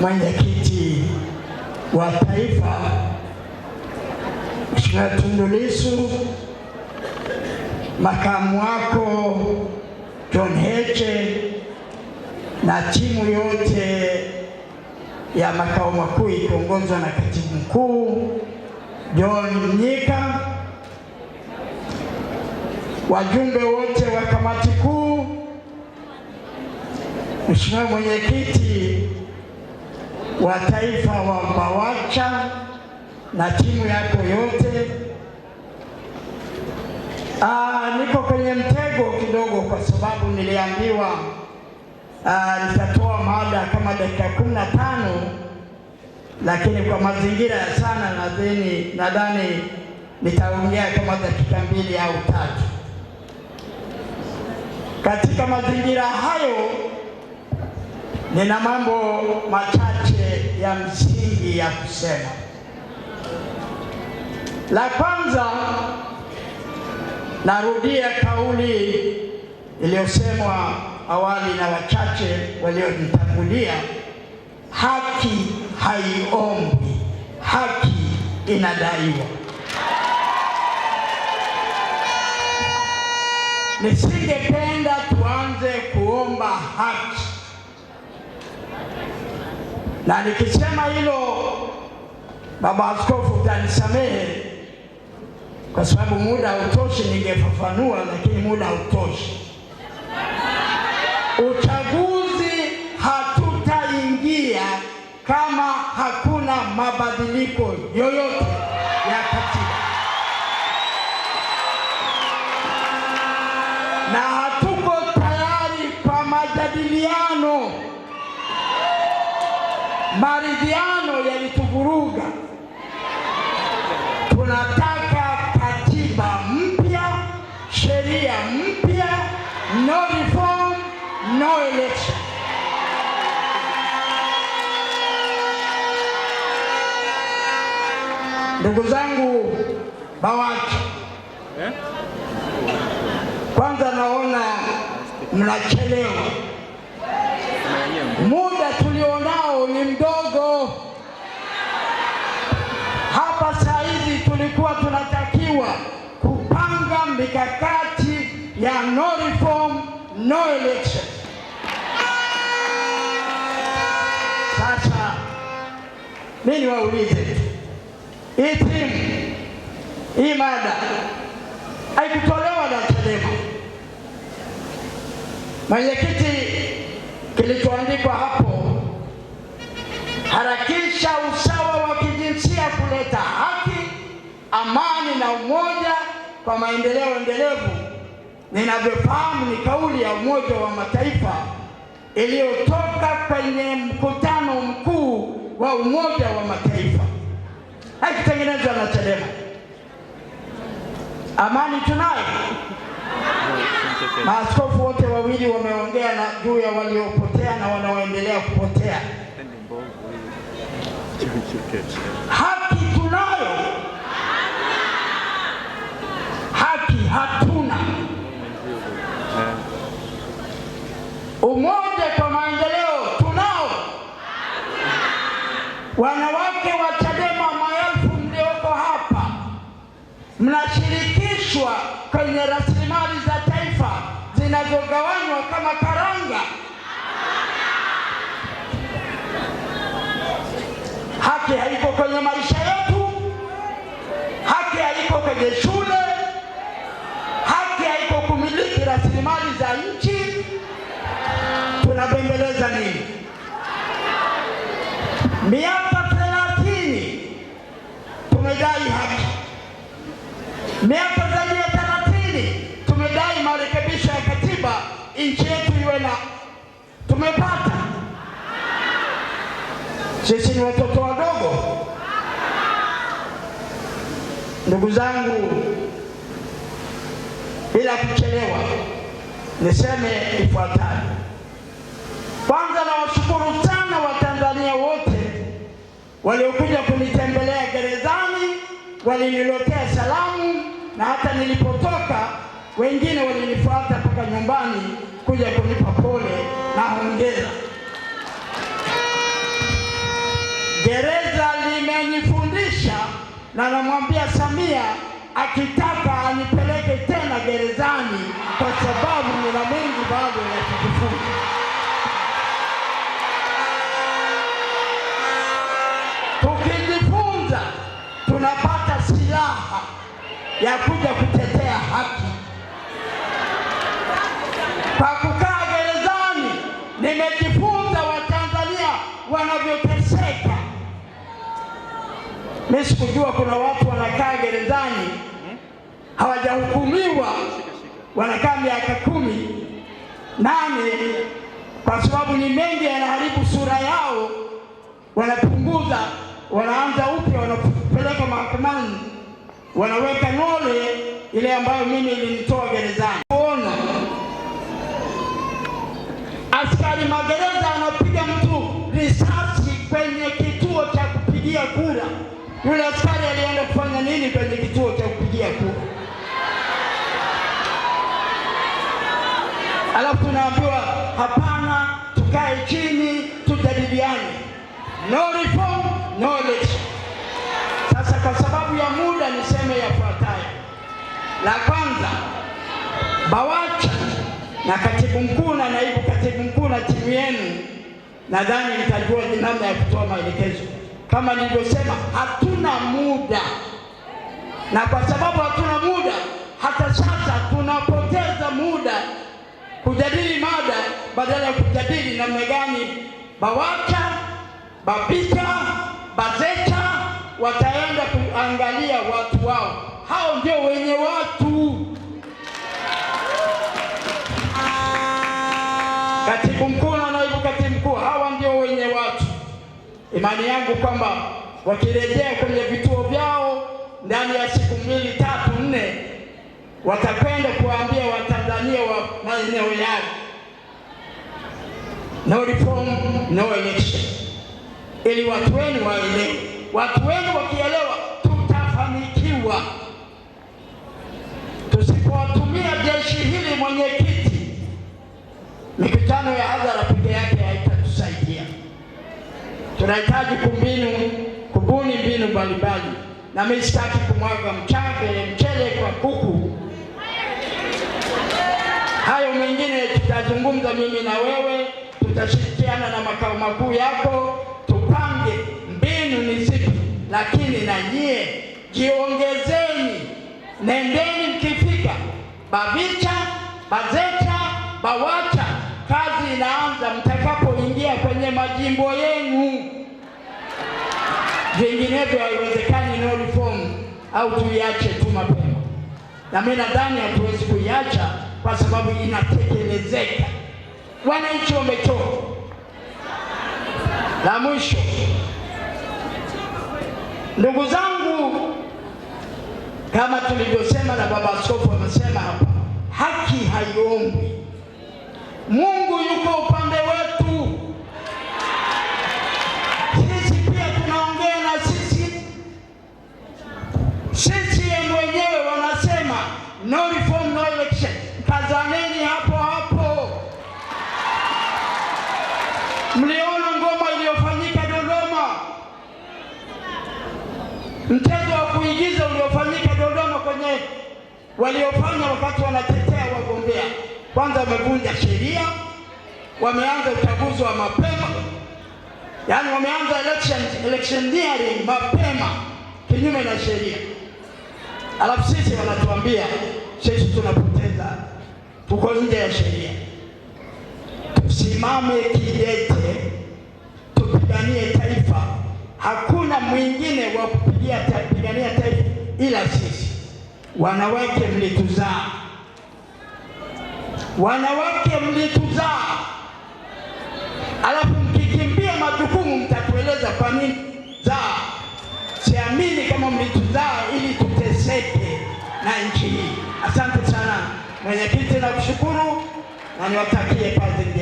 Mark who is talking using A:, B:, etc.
A: mwenyekiti wa taifa Mheshimiwa Tundu Lissu, makamu wako John Heche na timu yote ya makao makuu ikiongozwa na katibu mkuu John Mnyika, wajumbe wote wa kamati kuu, Mheshimiwa mwenyekiti wa taifa wa BAWACHA na timu yako yote. Aa, ah, niko kwenye mtego kidogo kwa sababu niliambiwa ah, nitatoa mada kama dakika kumi na tano lakini kwa mazingira ya sana nadhani nadhani nitaongea kama dakika mbili au tatu. Katika mazingira hayo nina mambo matatu ya msingi ya kusema. La kwanza, narudia kauli iliyosemwa awali na wachache waliojitangulia haki haiombi, haki inadaiwa. Nisingependa na nikisema hilo, baba askofu, utanisamehe kwa sababu muda hautoshi. Ningefafanua lakini muda hautoshi. Uchaguzi hatutaingia kama hakuna mabadiliko yoyote. maridhiano yalituvuruga. Tunataka katiba mpya, sheria mpya, no reform, no election. Ndugu zangu BAWACHA, eh? kwanza naona mnachelewa, muda tulionao ni mdogo. tunatakiwa kupanga mikakati ya no reform no election. Sasa mimi niwaulize hii hii mada haikutolewa na Chadema. Mwenyekiti, kilichoandikwa hapo harakisha usi. amani na umoja kwa maendeleo endelevu ninavyofahamu ni kauli ya Umoja wa Mataifa iliyotoka kwenye mkutano mkuu wa Umoja wa Mataifa, haikutengenezwa na CHADEMA. Amani tunayo. Maaskofu wote wawili wameongea na juu ya waliopotea na wanaoendelea kupotea. Haki tunayo hatuna umoja kwa maendeleo tunao. Wanawake wa Chadema maelfu mlioko hapa, mnashirikishwa kwenye rasilimali za taifa zinazogawanywa kama karanga. Haki haiko kwenye maisha yetu, haki haiko kwenye shule nchi, tunabembeleza nini? Miaka thelathini tumedai haki, miaka zaidi ya thelathini tumedai marekebisho ya katiba, nchi yetu iwe na tumepata sisi ni watoto wadogo, ndugu zangu, bila kuchelewa niseme ifuatayo. Kwanza nawashukuru sana Watanzania wote waliokuja kunitembelea gerezani, waliniletea salamu na hata nilipotoka wengine walinifuata mpaka nyumbani kuja kunipa pole na hongera. Gereza limenifundisha na namwambia Samia akitaka anipeleke tena gerezani kwa sababu ya kuja kutetea haki. Kwa kukaa gerezani, nimejifunza Watanzania wanavyoteseka. Mimi sikujua kuna watu wanakaa gerezani hawajahukumiwa, wanakaa miaka kumi nane, kwa sababu ni mengi yanaharibu sura yao, wanapunguza, wanaanza upya, wanapeleka mahakamani wanaweka nole ile ambayo mimi ilimtoa gerezani. Kuona askari magereza anapiga mtu risasi kwenye kituo cha kupigia kura, yule askari alienda kufanya nini kwenye kituo cha kupigia kura? Alafu tunaambiwa hapana, tukae chini tujadiliane, no reform no election. Sasa kwa sababu ya muda niseme yafuatayo. La kwanza, BAWACHA na katibu mkuu na naibu katibu mkuu na timu yenu, nadhani nitajua namna ya kutoa maelekezo. Kama nilivyosema, hatuna muda, na kwa sababu hatuna muda, hata sasa tunapoteza muda kujadili mada badala ya kujadili namna gani BAWACHA babika wanaangalia watu wao, hao ndio wenye watu. Katibu mkuu na naibu katibu mkuu, hawa ndio wenye watu. Imani yangu kwamba wakirejea kwenye vituo vyao ndani ya siku mbili tatu nne, watakwenda kuwaambia Watanzania wa maeneo yao, no reform no election, ili watu wenu waelewe. Watu wenu wakielewa hatua. Tusipowatumia jeshi hili, mwenyekiti, mikutano ya hadhara peke yake haitatusaidia. Tunahitaji kumbinu kubuni mbinu mbalimbali, na mimi sitaki kumwaga mchanga mchele kwa kuku. Hayo mengine tutazungumza mimi na wewe, tutashirikiana na makao makuu yako, tupange mbinu ni zipi, lakini na nyie jiongeze. BAVICHA, BAZECHA, BAWACHA, kazi inaanza mtakapoingia kwenye majimbo yenu, vinginevyo haiwezekani. No reform au tuiache tu mapema, na mimi nadhani hatuwezi kuiacha kwa sababu inatekelezeka. Wananchi wamechoka. La mwisho ndugu zangu kama tulivyosema na baba askofu amesema hapa, haki haiombi. Mungu yuko upande wetu. Sisi pia tunaongea na sisi sisi, mwenyewe wanasema no reform no election. Kwanza wamevunja sheria, wameanza uchaguzi wa mapema, yaani wameanza election electioneering mapema kinyume na sheria, alafu sisi wanatuambia sisi tunapoteza, tuko nje ya sheria. Tusimame kidete, tupiganie taifa. Hakuna mwingine wa kupigania taifa ila sisi. Wanawake mlituzaa wanawake mlituzaa, alafu mkikimbia majukumu mtatueleza kwa nini zaa. Siamini kama mlituzaa ili tuteseke na nchi hii. Asante sana mwenyekiti, na kushukuru na niwatakie kazi